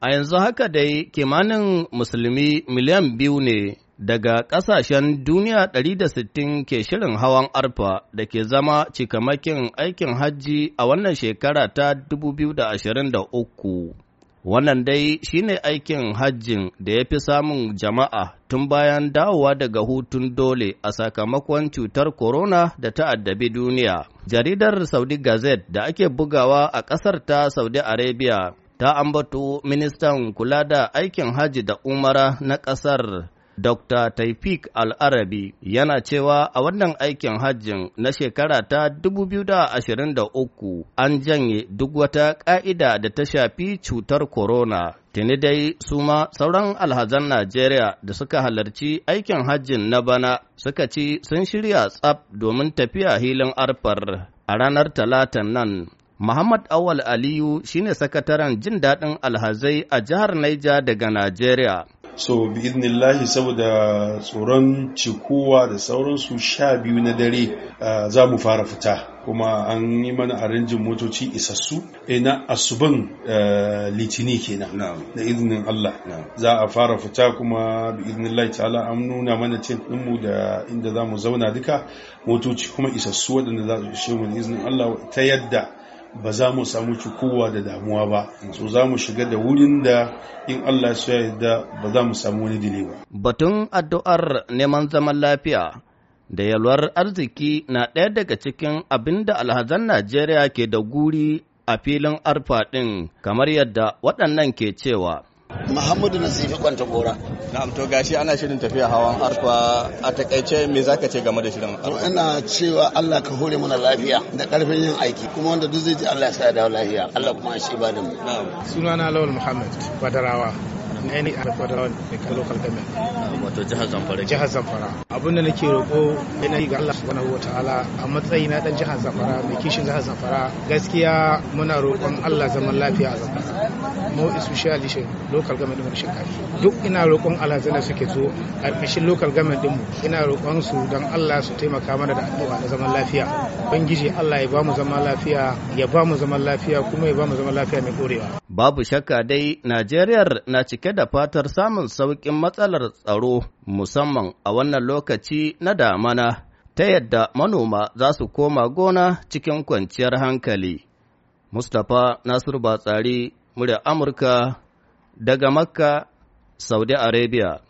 A yanzu haka dai kimanin musulmi miliyan biyu ne daga ƙasashen duniya 160 ke shirin hawan arfa da ke zama cikamakin aikin hajji a wannan shekara ta 2023. Wannan dai shi ne aikin hajjin da ya fi samun jama'a tun bayan dawowa daga hutun dole a sakamakon cutar corona da ta addabi duniya. Jaridar Saudi Gazette da ake bugawa a ƙasar ta Saudi Arabia ta ambato ministan kula da aikin haji da umara na ƙasar Dr. Taifik Al-Arabi yana cewa a wannan aikin hajjin na shekara ta 2023 an janye duk wata ƙa'ida da ta shafi cutar corona. Tuni dai su ma sauran alhazan Najeriya da suka halarci aikin hajjin na bana suka ci sun shirya tsaf domin tafiya hilin arfar a ranar talatan nan. Muhammad Awal Aliyu shine sakataren jin daɗin alhazai a jihar Naija daga Najeriya. So, bi'idnillahi saboda tsoron cikowa da sauransu sha biyu na dare za mu fara fita. kuma an yi mana arinjin motoci isassu Ina e, na asuban litini kenan da izinin Allah za a fara fita kuma bi izinin ta'ala an nuna mana cin ɗinmu da inda za mu zauna duka motoci kuma isassu waɗanda za su ishe mu da izinin Allah ta yadda ba za mu samu cikowa da damuwa ba so za mu shiga da wurin da in Allah su yadda ba za mu samu wani dile ba batun addu'ar neman zaman lafiya da yalwar arziki na ɗaya daga cikin abin da alhazan Najeriya ke da guri a filin arfa ɗin kamar yadda waɗannan ke cewa Muhammadu Nasifi Kwanta Gora. Na'am to gashi ana shirin tafiya hawan arfa a takaice me zaka ce game da shirin arfa? Ina cewa Allah ka hore mana lafiya da karfin yin aiki kuma wanda duk zai ji Allah ya sa da lafiya Allah kuma shi ba da mu. Sunana Lawal Muhammad Badarawa. in any other federal local government wato jihar zamfara jihar zamfara abin da nake roƙo yana ga Allah subhanahu wataala a matsayi na dan jihar zamfara mai kishin jihar zamfara gaskiya muna roƙon Allah zaman lafiya a zamfara mu especially shi local government din shinkafi duk ina roƙon alhazan da suke zo ƙarƙashin local government din mu ina roƙon su don Allah su taimaka mana da addu'a da zaman lafiya ubangiji Allah ya ba mu zaman lafiya ya ba mu zaman lafiya kuma ya ba mu zaman lafiya mai ɗorewa Babu shakka dai Najeriyar na cike da fatar samun sauƙin matsalar tsaro musamman a wannan lokaci na damana ta yadda manoma za su koma gona cikin kwanciyar hankali. Mustapha Nasiru Batsari, murya Amurka, daga Makka, Saudi Arabia.